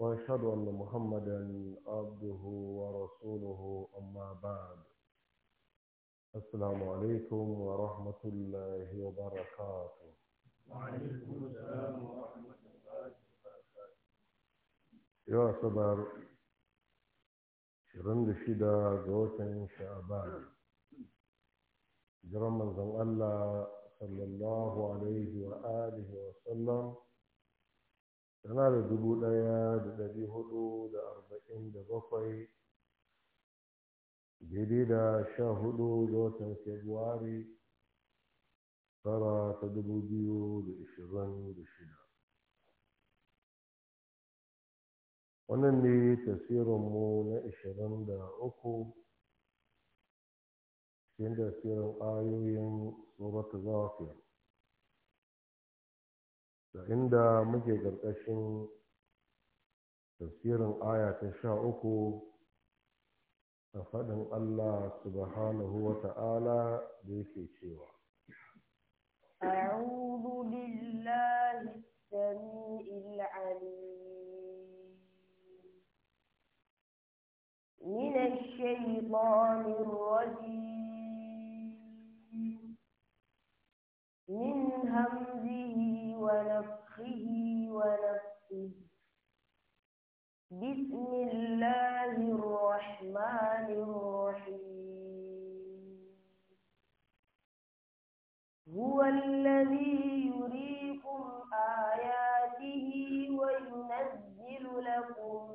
واشهد ان محمدا عبده ورسوله اما بعد السلام عليكم ورحمه الله وبركاته وعليكم السلام ورحمه الله وبركاته يا صبر شرن شدا غوتن شعبان جرم الله صلى الله عليه واله وسلم tana da dubu ɗaya da ɗari hudu da arba'in da bakwai daidai da sha hudu ga watan februari tara ta dubu biyu da ishirin da shida wannan ne tasirinmu na ishirin da uku cikin tasirin ayoyin tsoron ta da inda muke ƙarƙashin tafsirin aya ta sha uku a faɗin Allah subhanahu wa ta'ala da yake cewa أعوذ بالله السميع العليم من الشيطان الرجيم من هم ونفخه ونفسه بسم الله الرحمن الرحيم هو الذي يريكم آياته وينزل لكم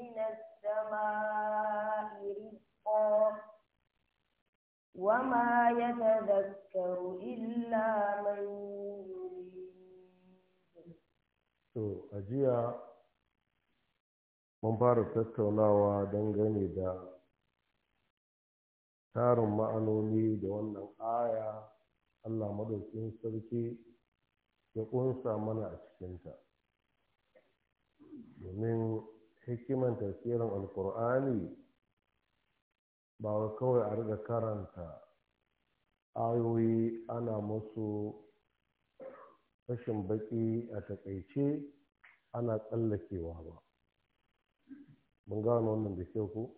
من السماء رزقا وما يتذكر إلا من to a jiya mun fara tattaunawa dangane da tarin ma'anoni da wannan aya allah maɗaukin sarki ya ƙunsa mana a cikinta domin hikiman tasirin alkur'ani ba kawai a riga karanta ayoyi ana musu rashin baƙi a taƙaice ana tsallakewa ba mun gano wannan da kyau ko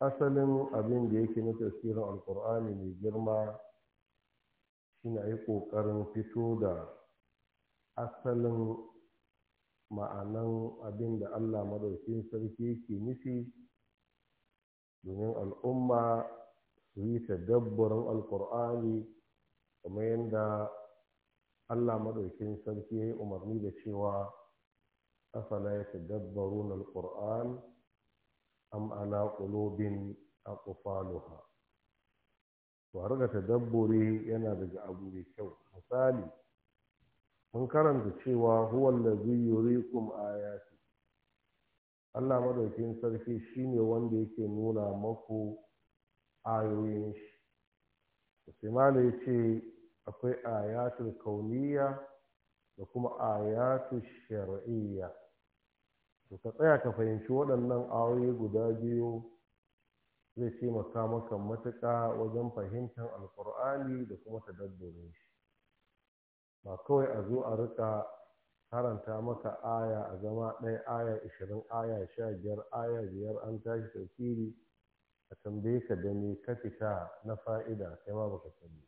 asalin abin da yake na tasirin alkur'ani mai girma shine a yi ƙoƙarin fito da asalin ma'anan abin da allah madaukin sarki yake nufi domin al'umma su yi ta tadabburin alkur'ani kamar yadda Allah maɗaukin sarki ya yi umarni da cewa afala ya tadabbaru na alƙur'an am ala qulubin aqfaluha to da dabbori yana daga abu mai kyau misali mun karanta cewa huwa allazi yuriikum ayati Allah maɗaukin sarki shi ne wanda yake nuna maku ayoyin shi sai ya ce akwai ayatul kauniya da kuma ayatul shar'iyya to ka tsaya ka fahimci waɗannan ayoyi guda biyu zai taimaka maka matuƙa wajen fahimtar alƙur'ani da kuma tadabburin shi ba kawai a zo a rika karanta maka aya a zama ɗaya aya ishirin aya sha biyar aya biyar an tashi tafsiri a tambaye ka da me ka fita na fa'ida kai ma baka sani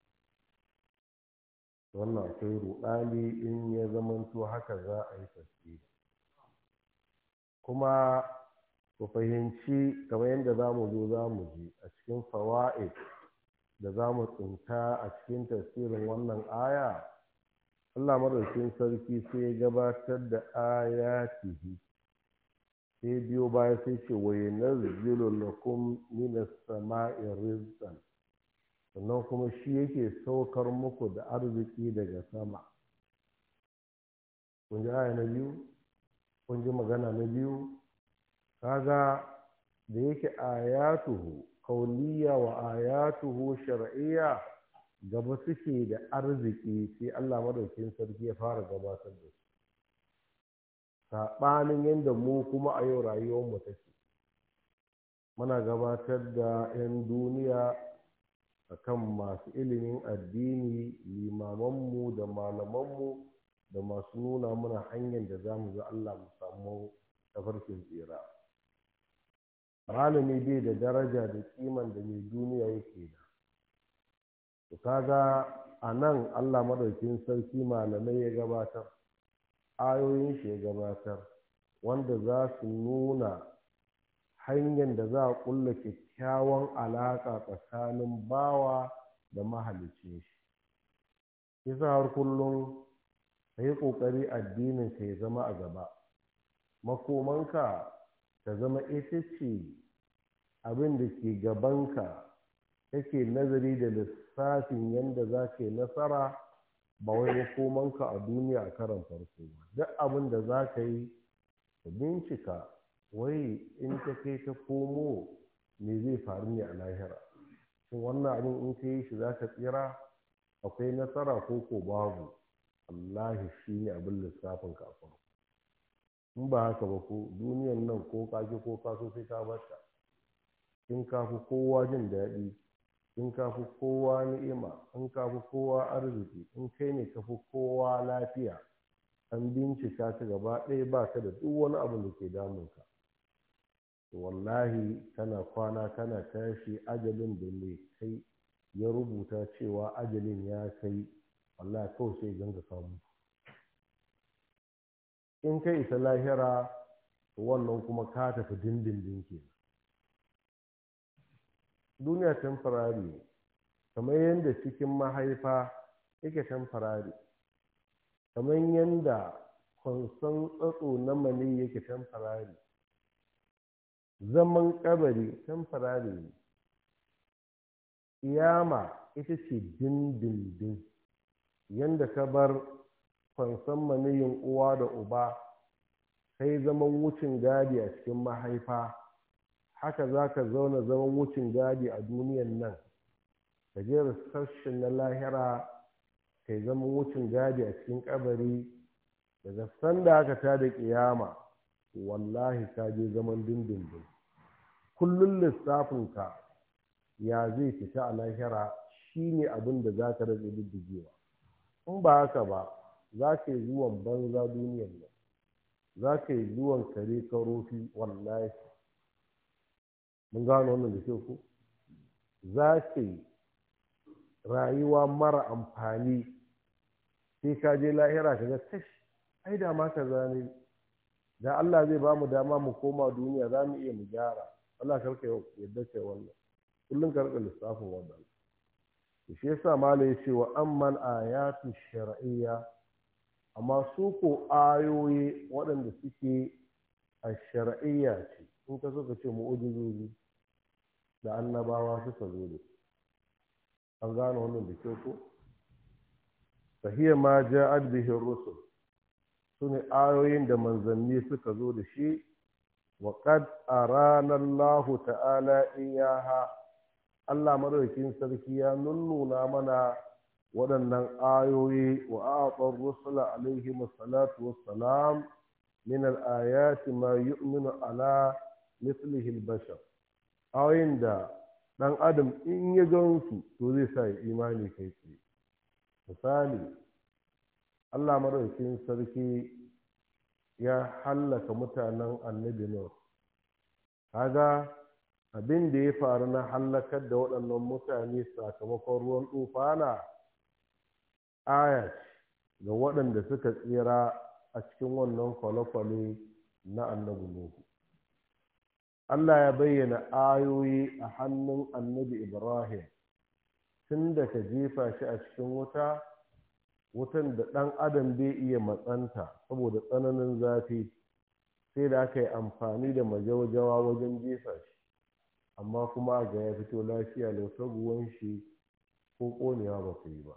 wannan akwai ruɗani in ya zamanto haka za a yi tasiri kuma ku fahimci kamar yadda za mu zo za mu ji a cikin fawa'id da za mu tsinta a cikin tasirin wannan aya Allah madaukin sarki sai ya gabatar da ayatihi sai biyo baya sai ce wayanar yanzilu lakum minas sama'i rizqan sannan kuma shi yake saukar muku da arziki daga sama kun ji aya na biyu kun ji magana na biyu kaga da yake ayatuhu kauliya wa ayatuhu shar'iyya gaba suke da arziki sai Allah madaukin sarki ya fara gabatar da su saɓanin yadda mu kuma a yau rayuwar mu take muna gabatar da 'yan duniya akan masu ilimin addini limamanmu da malamanmu da masu nuna mana hanyar da za mu ga Allah mu samu tafarkin tsira malami bai da daraja da kiman da mai duniya yake da to kaga a nan Allah madaukin sarki malamai ya gabatar ayoyin shi ya gabatar wanda za su nuna hanyar da za a ƙulla kyakkyawan alaƙa tsakanin bawa da mahalicin shi yasa har kullum ka yi ƙoƙari addinin ka ya zama a gaba makomanka ta zama ita ce abin da ke gabanka kake nazari da lissafin yadda za ka yi nasara ba wai makomanka a duniya a karan farko ba duk abin da za ka yi ka bincika wai in ta kai ta komo me zai faru ne a lahira shin wannan abin in ka yi shi za ka tsira akwai nasara ko ko babu wallahi shi ne abin lissafin kafin in ba haka ba ko duniyan nan ko ka ji ko ka sai ka bata in ka fi kowa jin daɗi in ka fi kowa ni'ima in ka fi kowa arziki in kai ne ka fi kowa lafiya an bincika ka gaba ɗaya ba ka da duk wani abin da ke damunka wallahi kana kwana kana tashi ajalin da mai kai ya rubuta cewa ajalin ya kai wallahi kawai sai ganga samu in kai isa lahira wannan kuma ka tafi dindindin ke duniya temporary kamar yadda cikin mahaifa yake temporary kamar yadda kwanson tsatso na mani yake temporary zaman kabari temporary ne iyama ita ce dindindin yadda ka bar kwansan maniyin uwa da uba kai zaman wucin gadi a cikin mahaifa haka za ka zauna zaman wucin gadi a duniyan nan ka je reception na lahira kai zaman wucin gadi a cikin kabari daga sanda aka tada kiyama wallahi ka je zaman dindindin kullum lissafinka ya zai fita a lahira shine abin da za ka rage diddigewa in ba haka ba za ka yi zuwan banza duniyar nan za ka yi zuwan kare karofi wallahi mun gano wannan da kyau za ka yi rayuwa mara amfani sai ka je lahira ka ga kashi ai da ma ka zane da Allah zai ba mu dama mu koma duniya za mu iya mu gyara Allah karka yadda kai wannan kullum karka lissafin wannan shi yasa malai ya ce wa amman ayatu shar'iyya amma su ko ayoyi waɗanda suke a shar'iyya ce in ka suka ce mu'ujizoji da annabawa suka zo da an gane wannan da kyau ko Sahiya ma ja'ad bihi rusul su ne ayoyin da manzanni suka zo da shi wa ranar Lahu ta'ala iyaha Allah madaukakin sarki ya nunnuna mana waɗannan ayoyi wa aqar rusula alaihi salatu wassalam min al ma yu'minu ala mislihi bashar ayoyin da ɗan adam in ya gansu to zai sa imani kai tsaye misali allah madaukin sarki ya hallaka mutanen annabi nuh kaga abin da ya faru na hallakar da waɗannan mutane sakamakon ruwan tufana Ayat ga waɗanda suka tsira a cikin wannan kwale-kwale na annabi nuhu allah ya bayyana ayoyi a hannun annabi ibrahim tun da ka jefa shi a cikin wuta wutan da ɗan adam bai iya matsanta saboda tsananin zafi sai da aka yi amfani da majawajawa wajen jefa shi amma kuma ga ya fito lafiya lautar shi ko ƙonewa ba ku yi ba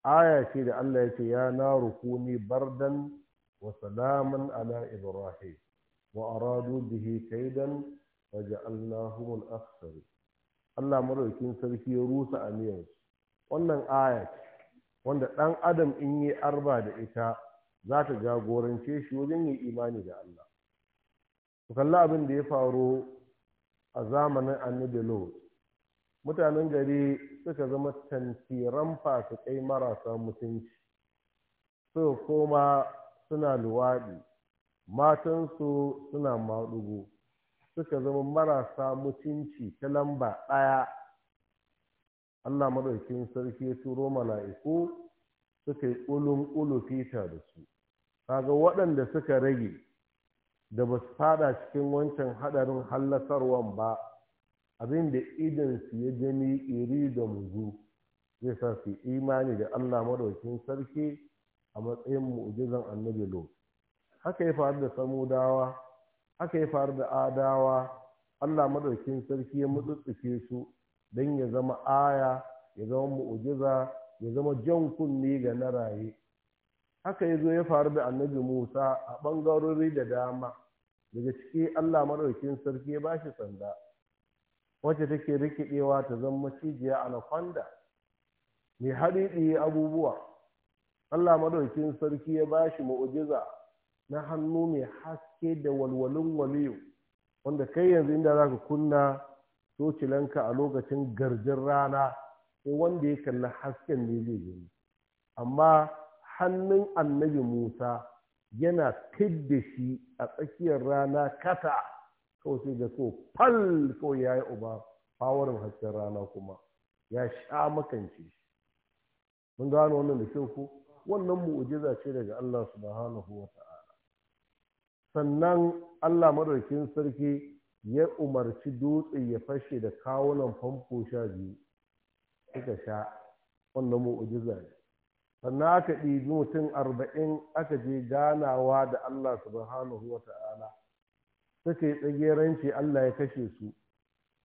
aya ce da allah ya ce ya na rukuni bardan wa salaman ala ibrahim wa aradu bihi kaidan wa ja'alnahum al-akhsar Allah madaukin sarki ya rusa aniyarsu wannan aya ce wanda ɗan adam in yi arba da ita za ta jagorance shi wajen yi imani da Allah ku kalli abin da ya faru a zamanin annabi lot mutanen gari suka zama tantiran fasikai marasa mutunci suka koma suna luwaɗi matansu suna maɗugo suka zama marasa mutunci ta lamba ɗaya Allah maɗaukin sarki ya turo mala'iku suka yi ulun ulu fita da su kaga waɗanda suka rage da ba su fada cikin wancan haɗarin hallasarwan ba abin da idansu ya gani iri da muzu zai sa su imani da Allah maɗaukin sarki a matsayin mu'jizan annabi lo haka ya faru da samudawa haka ya faru da adawa Allah maɗaukin sarki ya mutsutsuke su don ya zama aya ya zama mu'ujiza ya zama jan kunne ga na raye haka ya zo ya faru da annabi musa a ɓangarori da dama daga ciki allah maɗaukin sarki ya ba shi sanda wacce take rikidewa ta zama macijiya a anaconda mai haɗiɗi abubuwa allah maɗaukin sarki ya ba shi mu'ujiza na hannu mai haske da walwalin waliyu wanda kai yanzu inda za ka kunna tocilanka a lokacin garjin rana sai wanda ya kalli hasken ne zai gani amma hannun annabi musa yana da shi a tsakiyar rana kata kawai sai ga so fal kawai ya yi uba fawarin hasken rana kuma ya sha makance shi mun gano wannan da kyau ko wannan mu'ujiza ce daga Allah subhanahu wa ta'ala sannan Allah madaukin sarki ya umarci dutse ya fashe da kawunan famfo sha biyu suka sha wannan mu'ujiza ne sannan aka ɗibi mutum arba'in aka je ganawa da Allah subhanahu wa ta'ala suka yi tsageranci Allah ya kashe su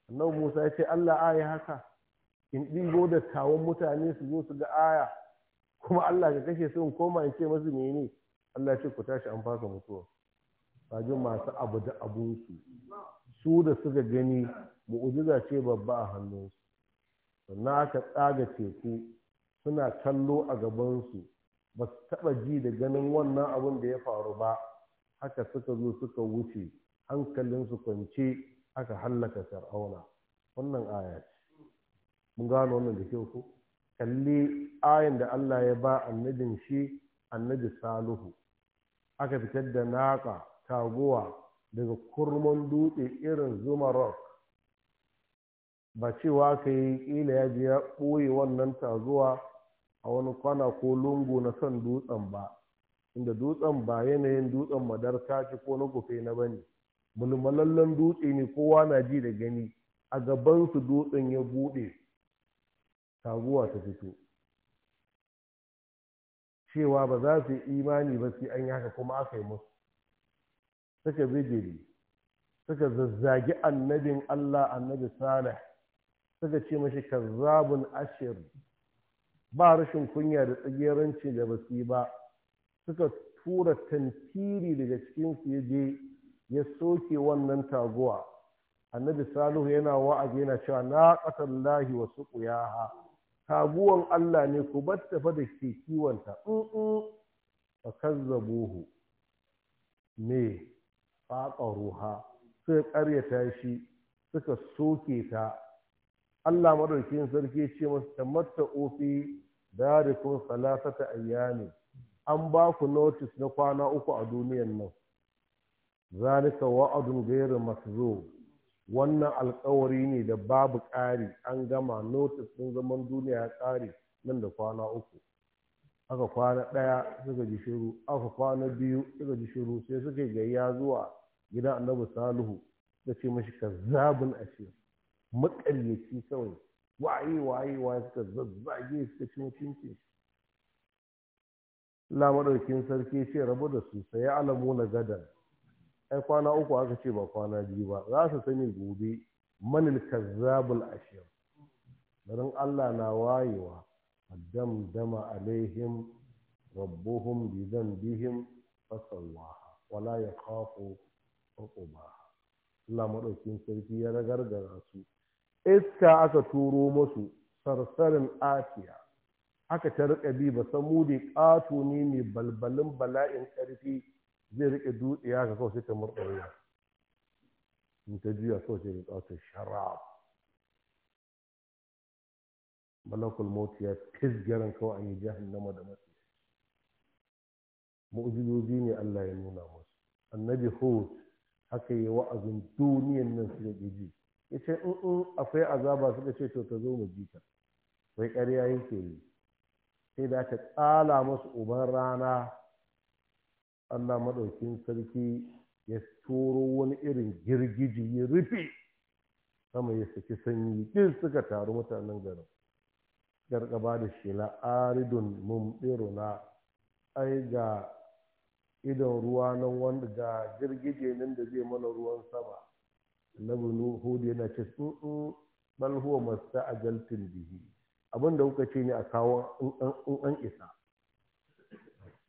annabi Musa ya ce Allah ayi haka in ɗigo da tawon mutane su zo su ga aya kuma Allah ka kashe su in koma in ce masu mene Allah ya ce ku tashi an fasa mutuwa ba masu abu da abun su su da suka gani mu'ujiza ce babba a hannunsu sannan aka tsaga teku suna kallo a gabansu ba su taɓa ji da ganin wannan abin da ya faru ba haka suka zo suka wuce hankalinsu kwance aka hallaka fir'auna wannan aya ce mun gano wannan da kyau ko kalli ayin da Allah ya ba annabin shi annabi salihu aka fitar da naƙa taguwa daga kurman dutse irin zuma rock ba cewa ka yi ƙila ya je ya ɓoye wannan tazuwa a wani kwana ko lungu na son dutsen ba inda dutsen ba yanayin dutsen madarta ce ko na kufe na ba ne. mulmalallen dutse ne kowa na ji da gani a gabansu dutsen ya buɗe tazuwa ta fito cewa ba za su yi imani ba sai an yi haka kuma aka yi musu suka bijiri suka zazzagi annabin Allah annabi Salih suka ce mashi kazzabun ashir ba rashin kunya da tsageranci da basu yi ba suka tura tantiri daga cikin su ya je ya soke wannan taguwa annabi salihu yana wa'azi yana cewa na lahi wa suqiyaha taguwan Allah ne ku bar tafa da ke kiwonta in in fa kazzabuhu me ruha suka ƙaryata shi suka soke ta Allah madaukin sarki ce masu tamatta ofi kuma salasata ayyami an ba ku notice na kwana uku a duniyan nan zalika wa'adun masu zo. wannan alkawari ne da babu ƙari an gama notis ɗin zaman duniya ya ƙare nan da kwana uku aka kwana ɗaya suka ji shiru aka kwana biyu suka ji shiru sai suka gayya zuwa gidan annabi salihu da ce mashi kazzabin ashir makaryaci kawai waye waye waye suka zazzage suka ci mutunci lamarokin sarki ce rabu da su sai alamu na gadan ai kwana uku aka ce ba kwana biyu ba za su sani gobe manil kazzabul ashir garin Allah na wayewa addam dama alaihim rabbuhum bi dhanbihim fasawaha wala yakhafu uquba Allah madaukin sarki ya ragargara su iska aka turo musu sarsarin afiya aka ta rika bi ba san da ƙato ne mai balbalin bala'in ƙarfi zai riƙe dutse ya ka kawai ta murɗa in ta juya kawai sai ta ƙato sharab malakul mauti ya fisgaran kawai an yi jahannama da matsi mu'jizozi ne Allah ya nuna musu annabi hud haka yi wa'azin duniyan nan suka ƙi ji ya ce in mm, mm, akwai azaba suka ce to ta zo mu ji ta wai ƙarya yake yi sai da ta tsala musu uban rana allah maɗaukin sarki ya turo wani irin girgiji ya rufe sama ya saki sanyi duk suka taru mutanen garin gargaba da shela aridun mumɗiruna ai ga Idan ruwa nan wanda da girgije nan da zai mana ruwan sama annabi nuhu yana ce tsuntsu bal huwa ajaltin bihi abin da kuka ce ne a kawo in an isa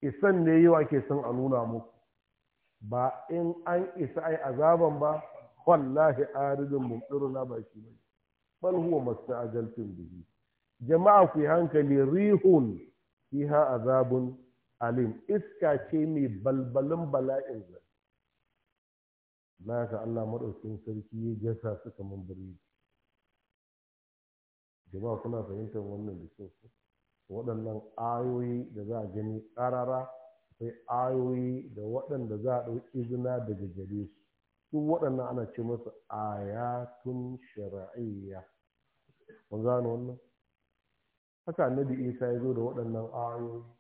isan ne yawa ke son a nuna muku ba in an isa ai azaban ba wallahi aridun mumtiruna na shi ne bal huwa ajaltin bihi jama'a ku yi hankali rihun fiha azabun alim iska ce mai balbalin bala'in zai na ka Allah maɗaukin sarki ya jasa su kamar birni jama'a kuna fahimtar wannan da kyau waɗannan ayoyi da za a gani ƙarara sai ayoyi da waɗanda za a ɗauki zina daga gare su duk waɗannan ana ce masu ayatun shara'iyya kun gano wannan haka annabi isa ya zo da waɗannan ayoyi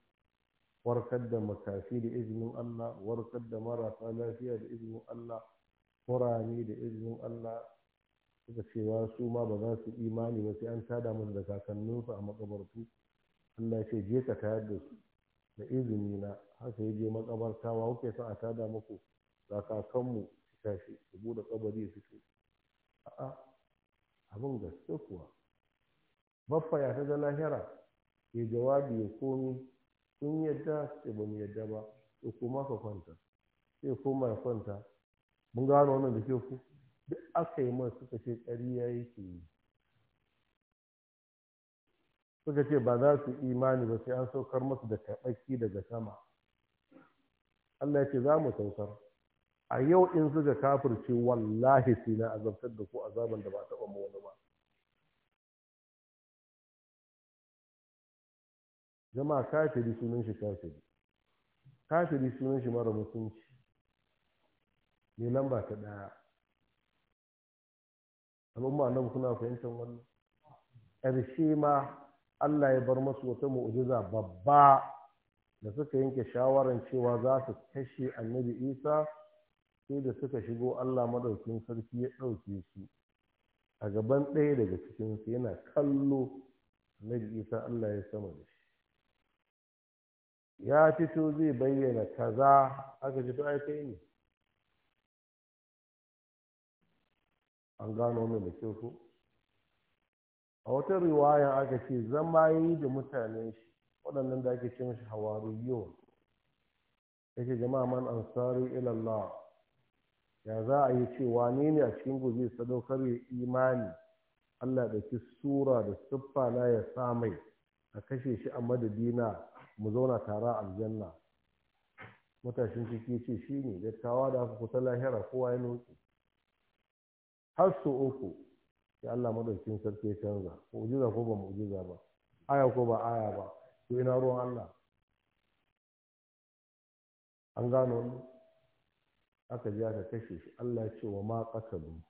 warkar da makafi da izinin Allah warkar da marasa lafiya da izinin Allah kurani da izinin Allah suka cewa su ma ba za su imani ba sai an tada musu da kakanninsu a makabartu Allah ce je ka tayar da su da izini na haka ya je makabartawa kuke sa a tada muku ga kakanmu su tashi su bude kabari su ce a'a abin gaske kuwa baffa ya ta da lahira ke jawabi ya komi sun yadda sai ba mu yadda ba to kuma ka kwanta sai kuma ya kwanta mun gano wannan da ke ku duk aka yi mai suka ce ƙarya yake yi suka ce ba za su imani ba sai an saukar masu da taɓaki daga sama Allah ya ce za mu saukar a yau in suka kafirce wallahi sai na azabtar da ku azaban da ba taɓa mu wani ba jama kafiri sunan shi kafiri kafiri sunan shi mara mutunci ne lamba ta ɗaya al'umma na kuna fahimtar wannan ƙarshe ma Allah ya bar masu wata mu'ujiza babba da suka yanke shawarar cewa za su kashe annabi isa sai da suka shigo Allah madaukin sarki ya ɗauke su a gaban ɗaya daga cikinsu yana kallo annabi isa Allah ya sama da shi ya fito zai bayyana kaza aka ji ai kai ne an gano mai da kyau ko a wata riwaya aka ce zama yi da mutane shi waɗannan da ake ce mashi hawaru yau yake jama'a man ansari ilallah ya za a yi cewa ne ne a cikin gobe sadaukar ya imani Allah da ki sura da siffa na ya sa mai a kashe shi a madadina mu zauna tara a aljanna matashin ciki ce shi ne dattawa da aka kusa lahira kowa ya nutsu har su uku ya Allah madaukin sarki ya canza mu'jiza ko ba mu'jiza ba aya ko ba aya ba to ina ruwan Allah an gano ni aka ji aka kashe shi Allah ya ce wa ma qatalu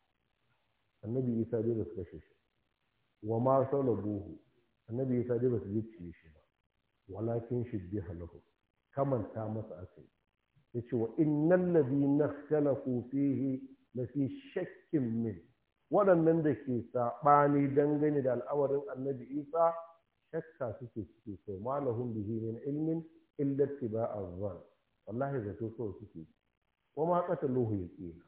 annabi Isa dai ba su kashe shi wa ma salabuhu annabi Isa dai ba su gicciye shi walakin shibbiha lahu kamanta masa akai yace wa innal na ikhtalafu fihi la fi shakkin min waɗannan da ke saɓani dangane da al'awarin annabi isa shakka suke suke so ma lahum bihi min ilmin illa wallahi zato so suke wa ma qataluhu yaqina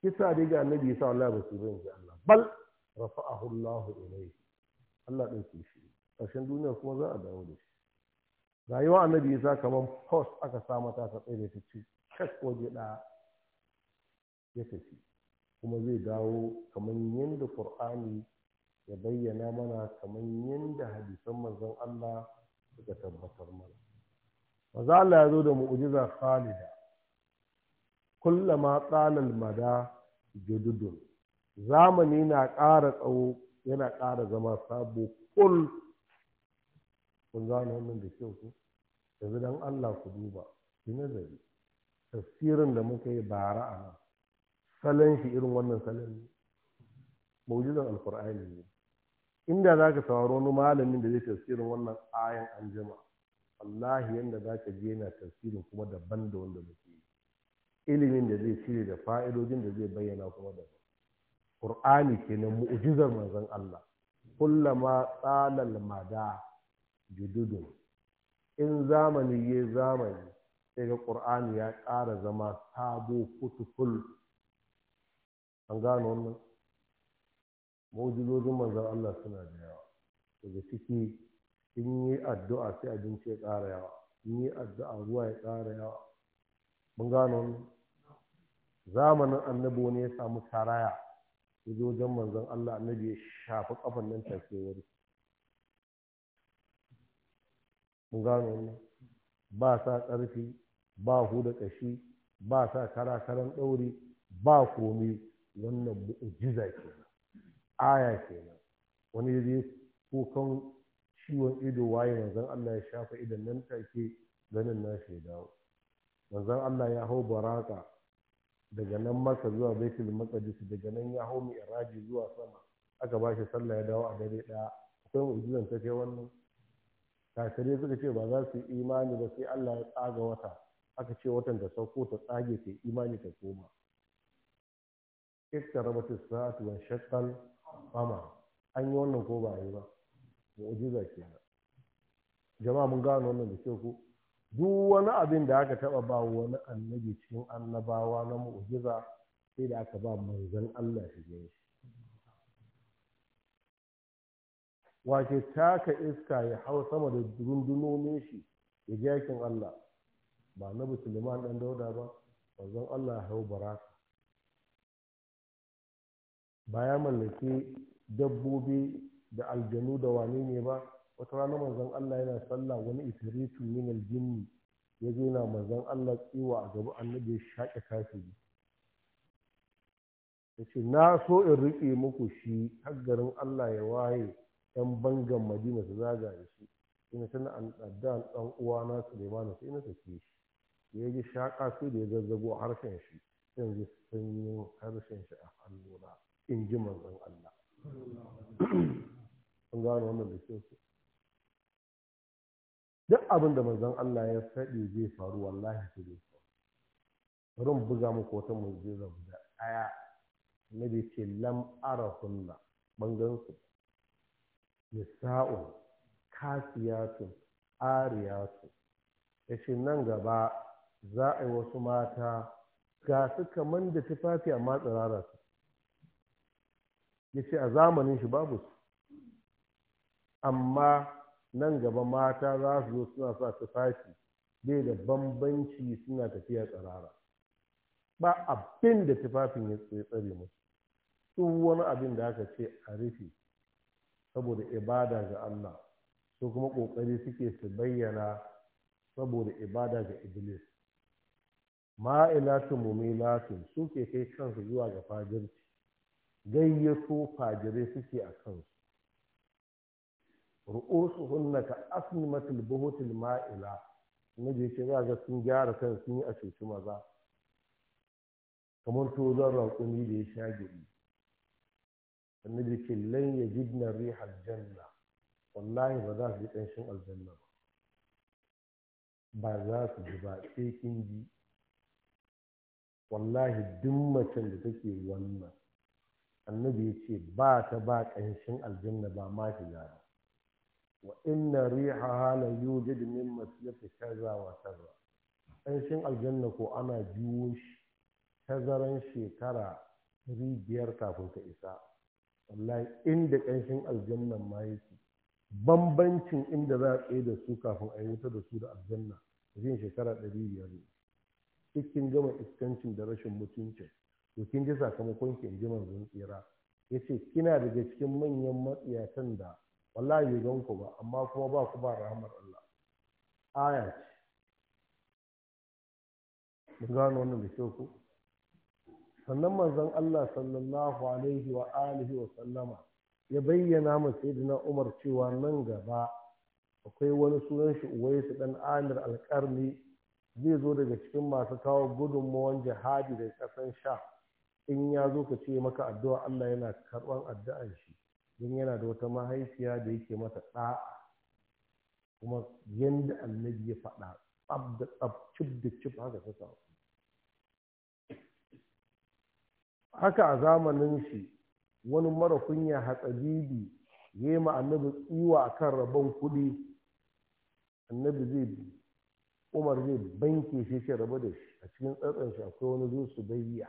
kisa dai ga annabi isa wallahi ba su ban ji Allah bal rafa'ahu Allah ilayhi Allah ɗauke shi ƙarshen duniya kuma za a dawo da shi rayuwa annabi isa kamar post aka sa mata ta tsaye ta ci kak waje ɗaya ya tafi kuma zai dawo kamar yadda ƙur'ani ya bayyana mana kamar yadda hadisan manzon Allah suka tabbatar mana maza Allah ya zo da mu'ujiza khalida kullama tsalal mada jududun zamani na ƙara tsawo yana ƙara zama sabo kul kun gane wannan da kyau ku yanzu dan Allah ku duba ki nazari tafsirin da muka yi bara a nan salon shi irin wannan salon ne mu'jizan alqur'ani ne inda za ka saurari wani malamin da zai tafsirin wannan ayan an jima wallahi yadda za ka je tafsirin kuma daban da wanda muke yi ilimin da zai cire da fa'idodin da zai bayyana kuma daban qur'ani kenan mu'jizar manzon Allah kullama tsalal mada jududun in zamani ya zamani sai ga ƙur'ani ya ƙara zama sabo kutukul an gano wannan mawujudodin manzan Allah suna da yawa daga ciki in yi addu'a sai abinci ya ƙara yawa in yi addu'a ruwa ya ƙara yawa mun gano wannan zamanin annabi wani ya samu karaya ya zo wajen Allah annabi ya shafi kafan nan take wani mun gano wannan ba sa ƙarfi ba huda ƙashi ba sa karakaran ɗauri ba komi wannan mu'ujiza nan aya nan. wani zai kukan ciwon ido waye manzon Allah ya shafa idan nan take ganin na ya dawo manzon Allah ya hau baraka daga nan masa zuwa baitul maqdis daga nan ya hau mi'raji zuwa sama aka ba shi sallah ya dawo a dare ɗaya akwai mu'jizan ta kai wannan kafirai suka ce ba za su yi imani ba sai Allah ya tsaga wata aka ce watan da sauko ta tsage ta imani ta koma raba ta saatu wa shaqqal fama an yi wannan ko ba yi ba ke kenan jama'a mun gano wannan da kyau ku duk wani abin da aka taba ba wani annabi cikin annabawa na mu'jiza sai da aka ba manzon Allah shi ne wake taka iska ya hau sama da rundunomin shi ya ji Allah ba na musulman ɗan dauda ba wanzan Allah ya hau baraka ba ya mallaki dabbobi da aljanu da wane ne ba wata rana manzon Allah yana sallah wani ifiritu min aljinni ya zo na manzon Allah tsiwa a gaba annabi ya shaƙe kafiri ya ce na so in riƙe muku shi har Allah ya waye yan bangan madina su zaga da shi ina suna an ɗaddan ɗan uwana sulemanu sai na sake shi ya ji shaƙa su da ya zazzago harshen shi yanzu sanyin harshen shi a hannuna in ji manzon Allah an gano wannan da kyau duk abin da manzon Allah ya faɗi zai faru wallahi su zai faru bari mu buga muku wata zabu da ɗaya na da ce lam arahunna bangansu. nisa'un kasiyatun ariyatun yace nan gaba za a yi wasu mata ga su kamar da tufafi a tsirara su yace a zamanin shi babu su amma nan gaba mata za su zo suna sa tufafi bai da bambanci suna tafiya tsarara. ba abin da tufafin ya tsare musu duk wani abin da aka ce a rufe saboda ibada ga Allah su kuma ƙoƙari suke su bayyana saboda ibada ga iblis ma'ilatun mumilatun suke kai kansu zuwa ga fajirci gayyato fajirai suke a kansu ru'usu ka asnimatul buhutul ma'ila je ke za ga sun gyara kan sun yi a cuci maza kamar tozon raƙumi da ya sha gari annabi ce lan yajidna janna wallahi ba za su ji ƙanshin aljanna ba ba za su ji ba sai kin ji wallahi duk macen da take wannan annabi ya ce ba ta ba ƙanshin aljanna ba ma shi ba wa inna rihaha la yujad min masyati kaza wa kaza ƙanshin aljanna ko ana jiwo shi tazaran shekara biyar kafin ka isa wallahi inda ƙanshin aljannan ma yake bambancin inda za a tsaye da su kafin a yi wuta da su da aljanna zai shekara ɗari biyar ne cikin gama iskancin da rashin mutunci, to kin ji sakamakon ki ji manzon tsira ya ce kina daga cikin manyan matsiyatan da wallahi bai gan ku ba amma kuma ba ku ba rahamar Allah aya ce mun gano wannan da kyau ku sannan manzon Allah sallallahu alaihi wa alihi wa sallama ya bayyana ma sayyidina Umar cewa nan gaba akwai wani sunan shi Uwaisu dan Amir alƙarni zai zo daga cikin masu kawo gudunmawan jihadi daga ƙasan sha in ya zo ka ce maka addu'a Allah yana karɓan addu'an shi don yana da wata mahaifiya da yake mata ɗa'a kuma yadda annabi ya faɗa tsab da tsab cib da cib haka ta samu haka a zamanin shi wani mara kunya hatsabibi ya yi annabi tsiwa a kan rabon kuɗi annabi zai umar zai banke shi shi rabu da shi a cikin tsatsan shi akwai wani zo su bayya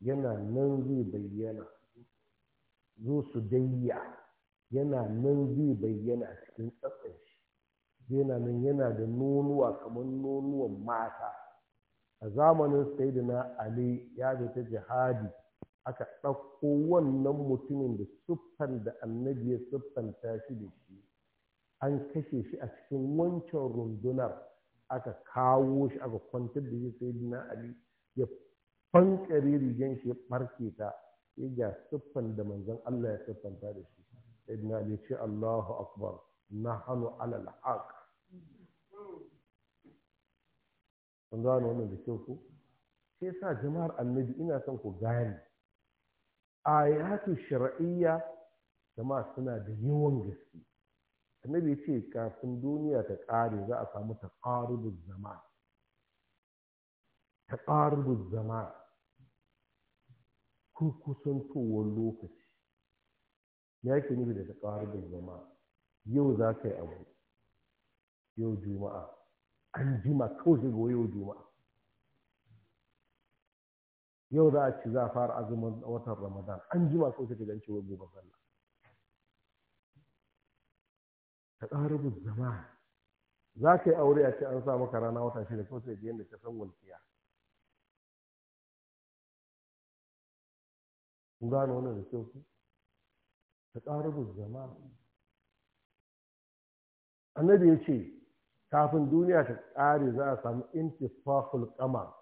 yana nan zai bayyana zo su dayya yana nan zai bayyana a cikin tsatsan shi yana nan yana da nonuwa kamar nonuwan mata a zamanin sayidina ali ya ta jihadi aka ɗauko wannan mutumin da siffan da annabi ya siffanta shi da shi an kashe shi a cikin wancan rundunar aka kawo shi aka kwantar da shi sayyidina ali ya fankare rigen shi ya barke ta ya ga siffan da manzon Allah ya siffanta da shi sayidina ali ya ce Allahu akbar nahanu alal haqq kun gano wannan da kyau ko sai sa jama'ar annabi ina son ku gane ayatu shar'iyya jama'a suna da yawan gaske annabi ya ce kafin duniya ta kare za a samu taqarubuz zaman taqarubuz zaman kusantowar lokaci ya ke nufi da taqarubuz zaman yau za ka abu yau juma'a an jima kawai zai yau juma'a yau za a ci za a fara azumin watan ramadan an jima kawai zai ganci wai gobe sallah ka ƙara zama za ka yi aure a ce an samu maka rana wata shida ko sai da yadda ta san walƙiya Ku gano wannan da kyau ku ka ƙara zama annabi ya ce kafin duniya ta ƙare za a samu fahul kama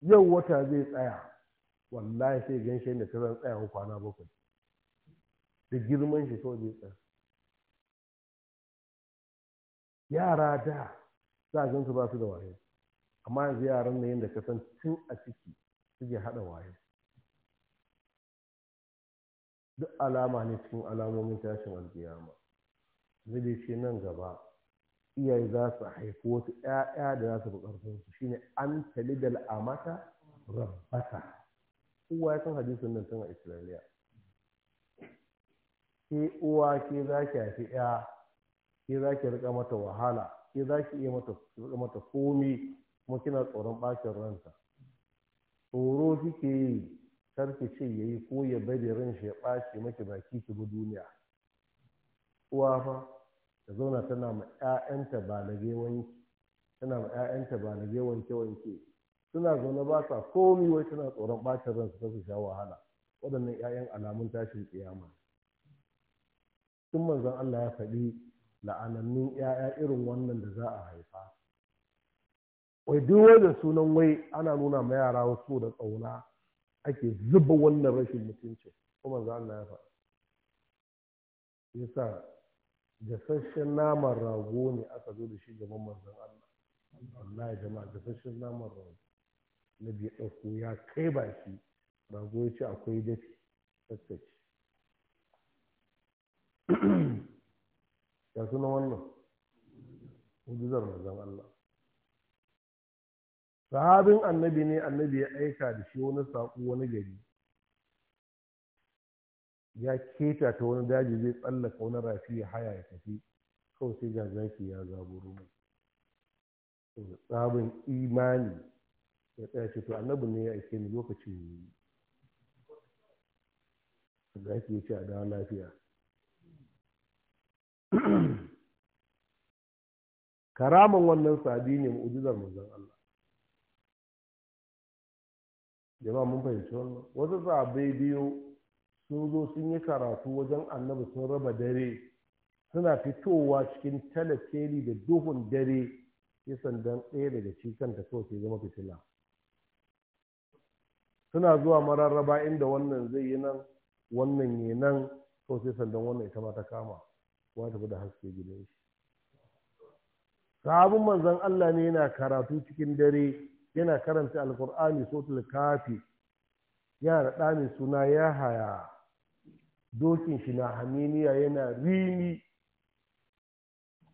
yau wata zai tsaya wallahi sai gan shi da tsaya tsayawan kwana bakwai da girman shi kawai zai tsaya yara da za a gan su ba su da waye? amma yanzu yaran na yadda ka san tun a ciki suke haɗa waye. duk alama ne cikin alamomin tashin alƙiyama zai ce nan gaba iyaye za su haifi wasu ‘ya'ya da za su fi ƙarfinsu shi ne an da al'amata rabbata uwa ya san hadisun nan tun a isra'iliya ke uwa ke za ki haifi ‘ya ke za ki riƙa mata wahala ke za ki iya riƙa mata komi kuma kina tsoron ɓacin ranta tsoro kike yi kar ce ya yi ko ya bari ran shi ya ɓaci maki baki ki bi duniya uwa fa ta zauna tana ma 'ya'yanta balage wanki tana ma balage wanke wanke suna zaune ba sa komi wai tana tsoron ɓacin ransu ta su sha wahala waɗannan 'ya'yan alamun tashin kiyama tun manzon Allah ya faɗi la'anannun 'ya'ya irin wannan da za a haifa wai duk wai sunan wai ana nuna ma yara wasu da ƙauna ake zuba wannan rashin mutuncin kuma za Allah ya faɗi yasa gasasshen naman rago ne aka zo da shi gaban manzon Allah wallahi jama'a gasasshen naman rago na ya ɗauko ya kai baki rago ya ce akwai dafi tattace ya suna wannan hujizar manzon Allah sahabin annabi ne annabi ya aika da shi wani saƙo wani gari ya keta ta wani daji zai tsallaka wani rafi ya haya ya tafi kawai sai ga zaki ya zaburo mai tsabin imani ya tsaya ce to annabi ne ya aike ni lokacin yi zaki ya ce a dawa lafiya karaman wannan sabi ne mu'ujizar manzon Allah jama'a mun fahimci wannan wasu sabai biyu sun zo sun yi karatu wajen annabi sun raba dare suna fitowa cikin talateli da duhun dare sai sandan ɗaya daga cikin ta kawai sai zama fitila suna zuwa mararraba inda wannan zai yi nan wannan yi nan kawai sai sandan wannan ita ma ta kama wa tafi da haske gidan shi sahabin manzon Allah ne yana karatu cikin dare yana karanta alkur'ani sotul kafi yana da ɗamin suna ya haya dokin shi na haminiya yana rini